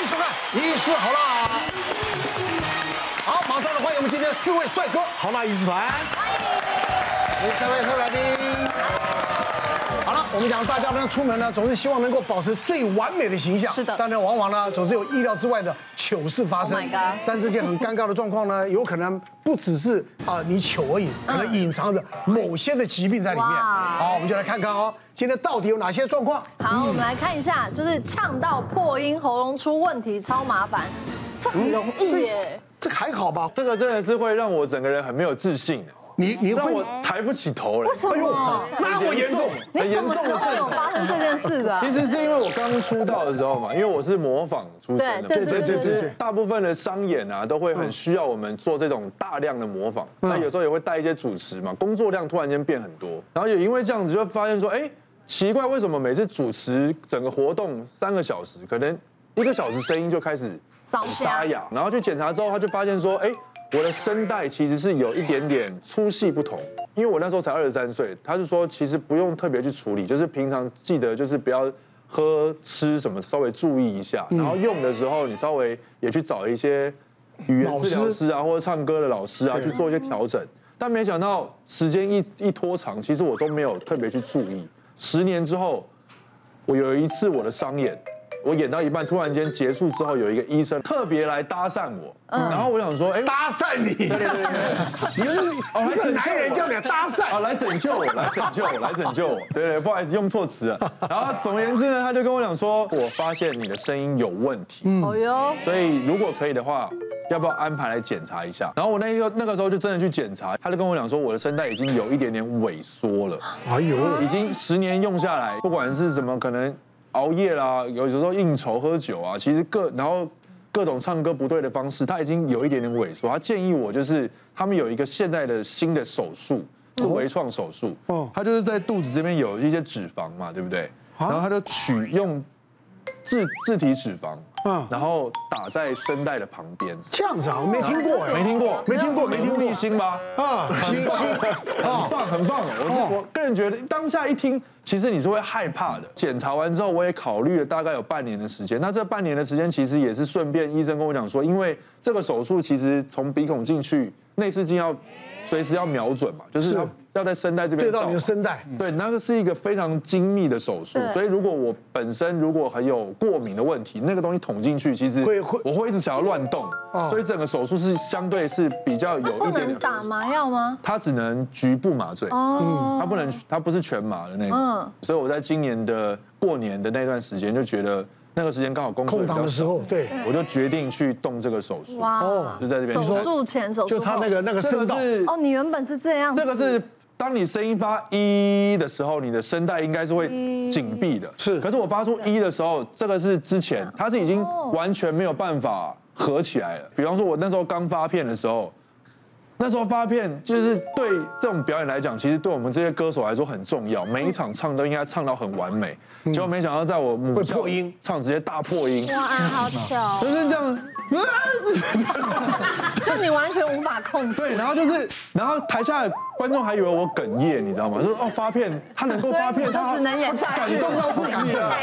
歡迎收看醫師好辣，好，馬上歡迎我們今天四位帥哥，好嘛，醫師團，歡迎三位來賓。我們講，大家呢出門呢，總是希望能夠保持最完美的形象。是的，但是往往呢，總是有意料之外的糗事發生。Oh my God。但這件很尷尬的狀況呢，有可能不只是啊你糗而已，可能隱藏着某些的疾病在裡面。嗯、好，我們就來看看哦、喔，今天到底有哪些狀況？好，我們來看一下，就是嗆到破音，喉嚨出問題，超麻煩。這很容易耶、嗯，這。這還好吧？這個真的是會讓我整個人很沒有自信。你你讓我抬不起頭了，為什麼？那麼嚴重，你嚴重的什麼時候有發生這件事的？其實是因為我剛出道的時候嘛，因為我是模仿出身的，對對對對對，對對對對。大部分的商演啊，都會很需要我們做這種大量的模仿，嗯、那有時候也會帶一些主持嘛，工作量突然間變很多，然後也因為這樣子就發現說，哎、欸，奇怪，為什麼每次主持整個活動三個小時，可能一個小時聲音就開始沙沙啞，然後去檢查之後，他就發現說，哎、欸。我的聲帶其實是有一點點粗細不同，因為我那時候才二十三歲。他是說，其實不用特別去處理，就是平常記得就是不要喝、吃什麼，稍微注意一下。然後用的時候，你稍微也去找一些語言治療師啊，或者唱歌的老師啊，去做一些調整。但沒想到時間一一拖長，其實我都沒有特別去注意。十年之後，我有一次我的商演。我演到一半，突然間結束之後，有一個醫生特別來搭訕我、嗯，然後我就想說，哎、欸，搭訕你？對對對，你是、哦、男人叫你搭訕？啊，來拯救我，來拯救，我，來拯救我。對，對，不好意思，用錯詞了。 然後總而言之呢，他就跟我講說，我發現你的聲音有問題，哦、嗯、喲，所以如果可以的話，要不要安排來檢查一下？然後我那個那個時候就真的去檢查，他就跟我講說，我的聲帶已經有一點點萎縮了，哎呦，已經十年用下來，不管是什麼可能。熬夜啦，有時候應酬喝酒啊，其實各然後各種唱歌不對的方式，他已經有一點點萎縮。他建議我就是，他們有一個現在的新的手術，是微創手術。哦，他就是在肚子這邊有一些脂肪嘛，對不對？然後他就取用自自體脂肪。嗯，然後打在聲帶的旁邊，這樣子啊，沒聽過哎，沒聽過，沒聽過，沒聽過，一心吧，啊，心心，啊，很棒，很棒哦， 我是我個人覺得當下一聽，其實你是會害怕的。檢查完之後，我也考慮了大概有半年的時間，那這半年的時間其實也是順便醫生跟我講說，因為這個手術其實從鼻孔進去。內視鏡要隨時要瞄準嘛，就是要要在聲帶這邊對到你的聲帶，對，那個是一個非常精密的手術，所以如果我本身如果還有過敏的問題，那個東西捅進去，其實會會我會一直想要亂動，所以整個手術是相對是比較有一點點，你不能打麻藥嗎？它只能局部麻醉哦，它不能它不是全麻的那種，所以我在今年的過年的那段時間就覺得。那個時間剛好空檔的時候，對，我就決定去動這個手術。哇，就在這邊。手術前手術後，就他那個那個聲道、這個是。哦，你原本是這樣。這個是當你聲音發一的時候，你的聲帶應該是會緊閉的。是，可是我發出一的時候，這個是之前，它是已經完全沒有辦法合起來了。哦、比方說，我那時候剛發片的時候。那時候發片，就是對這種表演來講，其實對我們這些歌手來說很重要，每一場唱都應該唱到很完美。結果沒想到在我母會破音唱，直接大破音，哇，好巧！就是這樣，就你完全無法控制。對，然後就是，然後台下的觀眾還以為我哽咽，你知道嗎？就是哦發片，他能夠發片，他只能演下去，自帶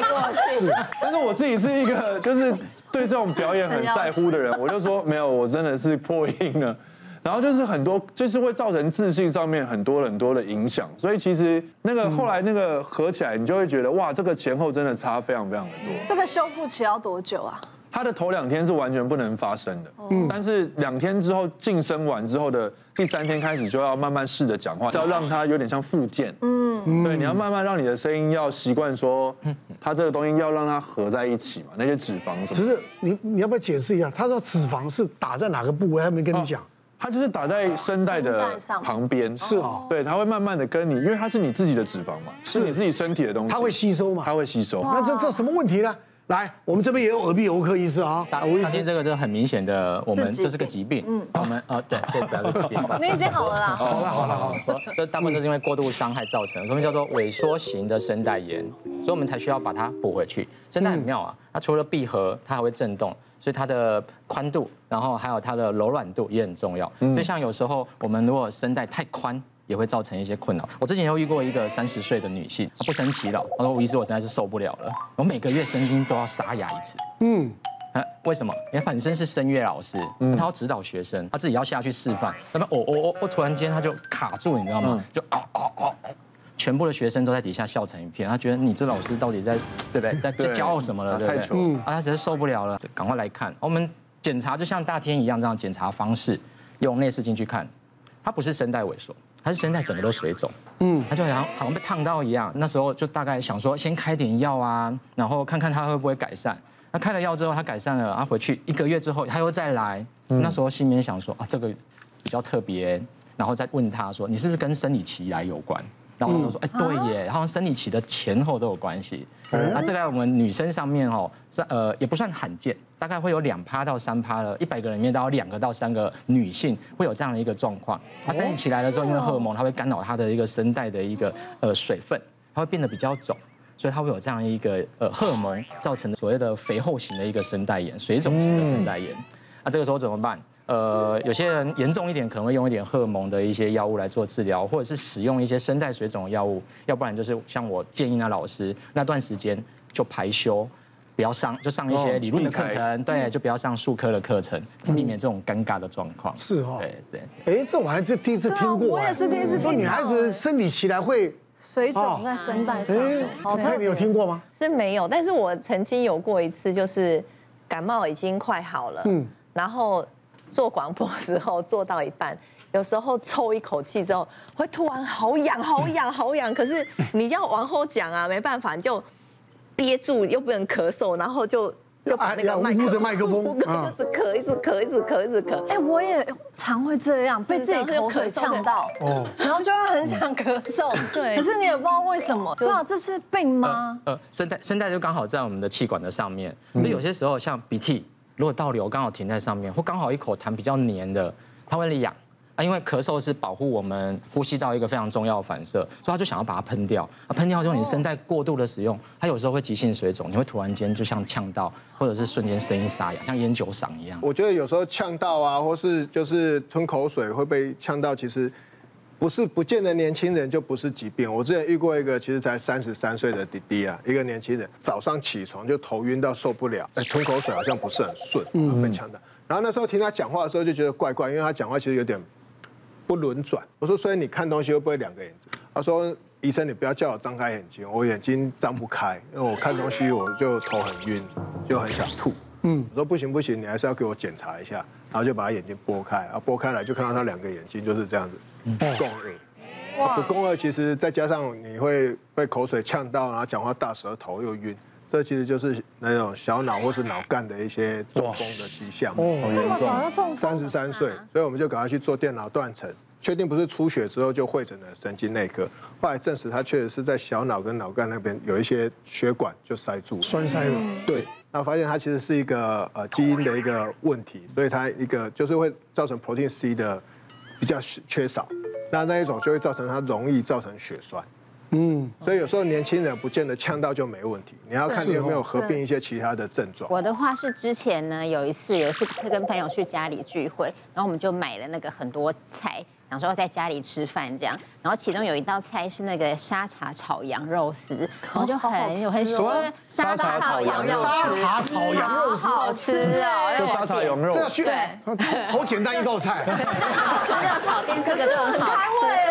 過去。但是我自己是一個就是對這種表演很在乎的人，我就說沒有，我真的是破音了。然後就是很多，就是會造成自信上面很多很多的影響，所以其實那個後來那個合起來，你就會覺得哇，這個前後真的差非常非常的多。這個修復期要多久啊？他的頭兩天是完全不能發聲的，嗯，但是兩天之後，晉升完之後的第三天開始，就要慢慢試着講話，就要讓它有點像復健，嗯，對，你要慢慢讓你的聲音要習慣說，他這個東西要讓它合在一起嘛，那些脂肪什麼。其實你你，要不要解釋一下？他說脂肪是打在哪個部位？他沒跟你講。哦它就是打在聲帶的旁邊，是哦，對，它會慢慢的跟你，因為它是你自己的脂肪嘛，是，是你自己身體的東西，它會吸收嘛，它會吸收，那這這什麼問題呢？來，我們這邊也有耳鼻喉科醫師啊、哦。打吳醫師，這個，這個很明顯的，我們這是個疾病。疾病嗯，我們呃，對，代表了疾病。你已經好了啦。好了，好了，好了。這大部分都是因為過度傷害造成，所以叫做萎縮型的聲帶炎，所以我們才需要把它補回去。聲帶很妙啊，它除了閉合，它還會震動，所以它的寬度，然後還有它的柔軟度也很重要。所以像有時候我們如果聲帶太寬。也會造成一些困擾。我之前又遇過一個三十歲的女性，她不生氣了。她說：“吳醫師，我真的是受不了了，我每個月聲音都要沙啞一次。嗯”嗯、啊，為什麼？因為本身是聲樂老師，她、嗯啊、要指導學生，她自己要下去示範，那麼我我我突然間她就卡住，你知道嗎？嗯、就啊啊啊全部的學生都在底下笑成一片，她覺得你這老師到底在對不對？在在驕傲什麼了，對不對？嗯，啊，她只是受不了了，趕快來看。啊、我們檢查就像大天一樣這樣檢查方式，用內視鏡去看，她不是聲帶萎縮。他現在整個都水腫，嗯，他就好像好像被燙到一樣。那時候就大概想說，先開點藥啊，然後看看他會不會改善。那開了藥之後，他改善了、啊。他回去一個月之後，他又再來。那時候心裡面想說，啊，這個比較特別，然後再問他說，你是不是跟生理期來有關？然後、嗯、就說，哎，對耶，好像生理期的前後都有關係。那、嗯啊、這個我們女生上面哦，呃也不算罕見，大概會有兩趴到三趴了，一百個人裡面都有兩個到三個女性會有這樣的一個狀況。她、嗯啊、生理期來了之後，因為荷爾蒙，它會干擾她的一個聲帶的一個呃水分，它會變得比較腫，所以它會有這樣一個呃荷爾蒙造成的所謂的肥厚型的一個聲帶炎、水腫型的聲帶炎。那、嗯啊、這個時候怎麼辦？呃，有些人嚴重一點可能會用一點荷爾蒙的一些藥物來做治療，或者是使用一些聲帶水腫的藥物，要不然就是像我建議那老師那段時間就排休，不要上就上一些理論的課程、哦，對，就不要上術科的課程、嗯，避免這種尷尬的狀況。是、嗯、哈，對哎、欸，這我還是第一次聽過、欸啊。我也是第一次聽、欸嗯。說女孩子生理期來會水腫在聲帶上、哦，哎、嗯，你、欸、你有聽過嗎，聽過嗎是？是沒有，但是我曾經有過一次，就是感冒已經快好了，嗯，然後。做廣播時候做到一半，有時候抽一口氣之後，會突然好癢好癢好癢，可是你要往後講啊，沒辦法你就憋住，又不能咳嗽，然後就就把那個麥克，捂着麥克風，啊，麥克風，嗯，就只咳一直咳一直咳一直咳，哎、欸，我也常會這樣，被自己口水嗆到，然後就會很想咳嗽、哦，對，可是你也不知道為什麼，對啊，這是病嗎？呃，聲帶聲帶就剛好在我們的氣管的上面，那有些時候像鼻涕。如果倒流剛好停在上面，或剛好一口痰比較黏的，它會癢。啊，因為咳嗽是保護我們呼吸道一個非常重要的反射，所以他就想要把它噴掉。啊，噴掉之後你聲帶過度的使用，它有時候會急性水腫，你會突然間就像嗆到，或者是瞬間聲音沙啞，像菸酒嗓一樣。我覺得有時候嗆到啊，或是就是吞口水會被嗆到，其實。不是不見得年輕人就不是疾病。我之前遇過一個，其實才三十三歲的弟弟啊，一個年輕人，早上起床就頭暈到受不了。欸，吞口水好像不是很順，很嗆的。然後那時候聽他講話的時候就覺得怪怪，因為他講話其實有點不輪轉。我說：“所以你看東西會不會兩個眼睛？”他說：“醫生，你不要叫我張開眼睛，我眼睛張不開，因為我看東西我就頭很暈，就很想吐。”嗯，我說：“不行不行，你還是要給我檢查一下。”然後就把他眼睛撥開，然後撥開來就看到他兩個眼睛就是這樣子，共軛，哇！不共軛其實再加上你會被口水嗆到，然後講話大舌頭又暈，這其實就是那種小腦或是腦幹的一些中風的跡象。哦，好嚴重！三十三歲，所以我們就趕快去做電腦斷層，確定不是出血之後就會診了神經內科。後來證實他確實是在小腦跟腦幹那邊有一些血管就塞住，栓塞了。對。那發現它其實是一個呃基因的一個問題，所以它一個就是會造成 protein C 的比較缺少，那那一種就會造成它容易造成血栓。嗯，所以有時候年輕人不見得嗆到就沒問題，你要看你有沒有合併一些其他的症狀哦。我的話是之前呢有一次也是跟朋友去家裡聚會，然後我們就買了那個很多菜，想說在家裡吃飯這樣，然後其中有一道菜是那個沙茶炒羊肉絲，我就很有、嗯、很喜歡。沙茶炒羊肉？沙茶炒羊肉絲好吃哦。就沙茶羊肉絲，對，好簡單一道菜，沙茶炒的這個可是好吃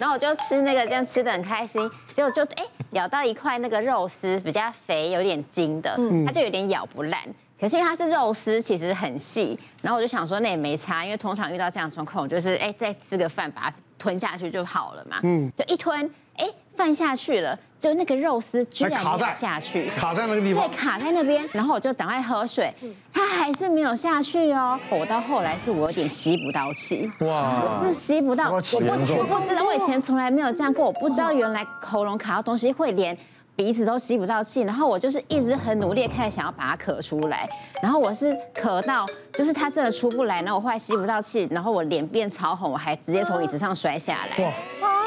然後我就吃那個，這樣吃得很開心。結果就哎、欸，咬到一塊那個肉絲比較肥，有點筋的，嗯、它就有點咬不爛。可是因為它是肉絲，其實很細。然後我就想說，那也沒差，因為通常遇到這樣狀況，就是哎、欸，再吃個飯把它吞下去就好了嘛。嗯，就一吞，哎、欸，飯下去了。就那個肉絲居然不下去卡在、卡在那個地方，對，卡在那邊。然後我就趕快喝水、嗯，它還是沒有下去哦。我到後來是我有點吸不到氣，哇！我是吸不到，不，我，不我不知不知道，我以前從來沒有這樣過，我不知道原來喉嚨卡到東西會連鼻子都吸不到氣。然後我就是一直很努力，開始想要把它咳出來。然後我是咳到，就是它真的出不來。然後我後來吸不到氣，然後我臉變潮紅，我還直接從椅子上摔下來。哇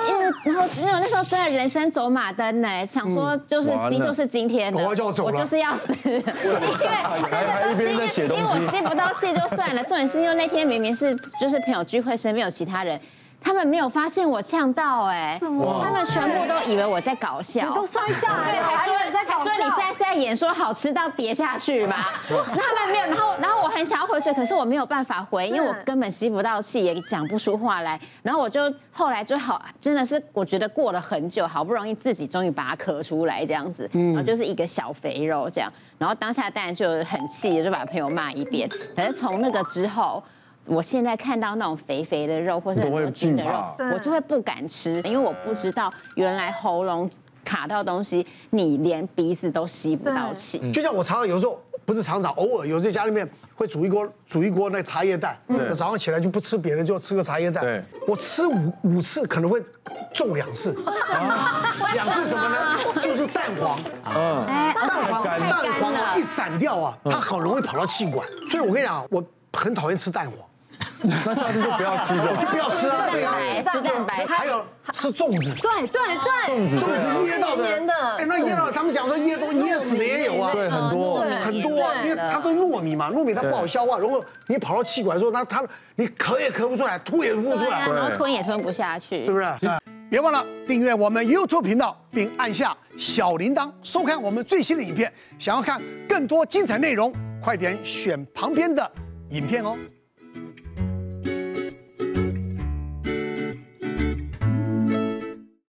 因為然後因為那時候真的人生走馬燈呢，想說就是今、嗯、就是今天的我，我就是要走，我就是要死。是、啊，因為真的都是因、啊、為因為我吸不到氣就算了， 重點是因為那天明明是就是朋友聚會，身邊有其他人。他們沒有發現我嗆到、欸，哎，他們全部都以為我在搞笑，都摔下來了還說，還說你在搞笑，你現在是在演說好吃到跌下去嗎？哦、他們沒有，然後然後我很想要回嘴，可是我沒有辦法回，因為我根本吸不到氣，也講不出話來。然後我就後來就好，真的是我覺得過了很久，好不容易自己終於把它咳出來，這樣子，然後就是一個小肥肉這樣。然後當下當然就很氣，就把朋友罵一遍。反正從那個之後。我現在看到那種肥肥的肉，或是很硬的肉，我就會不敢吃，因為我不知道原來喉嚨卡到東西，你連鼻子都吸不到氣。就像我常常有時候不是常常，偶爾有在家裡面會煮一鍋煮一鍋那茶葉蛋，早上起來就不吃別的，就吃個茶葉蛋。我吃五五次可能會中兩次， 兩次什麼呢？ 就是蛋黃， 蛋黃蛋黃一散掉啊，它很容易跑到氣管，所以我跟你講啊，我很討厭吃蛋黃。 那下次就不要吃，啊、就不要吃啊，對啊對對！對呀，吃蛋白，還有吃粽子對。對對對，粽子，粽子噎到的。噎到的，哎、欸，那噎到到他們講說，噎多噎死的也有啊，對，很多很多，啊，因為它都糯米嘛，糯米它不好消化，如果你跑到氣管說，那它你咳也咳不出來，吐也吐不出來，啊，然後吞也吞不下去，對是不是？別忘了訂閱我們 YouTube 頻道，並按下小鈴鐺，收看我們最新的影片。想要看更多精彩內容，快點選旁邊的影片哦。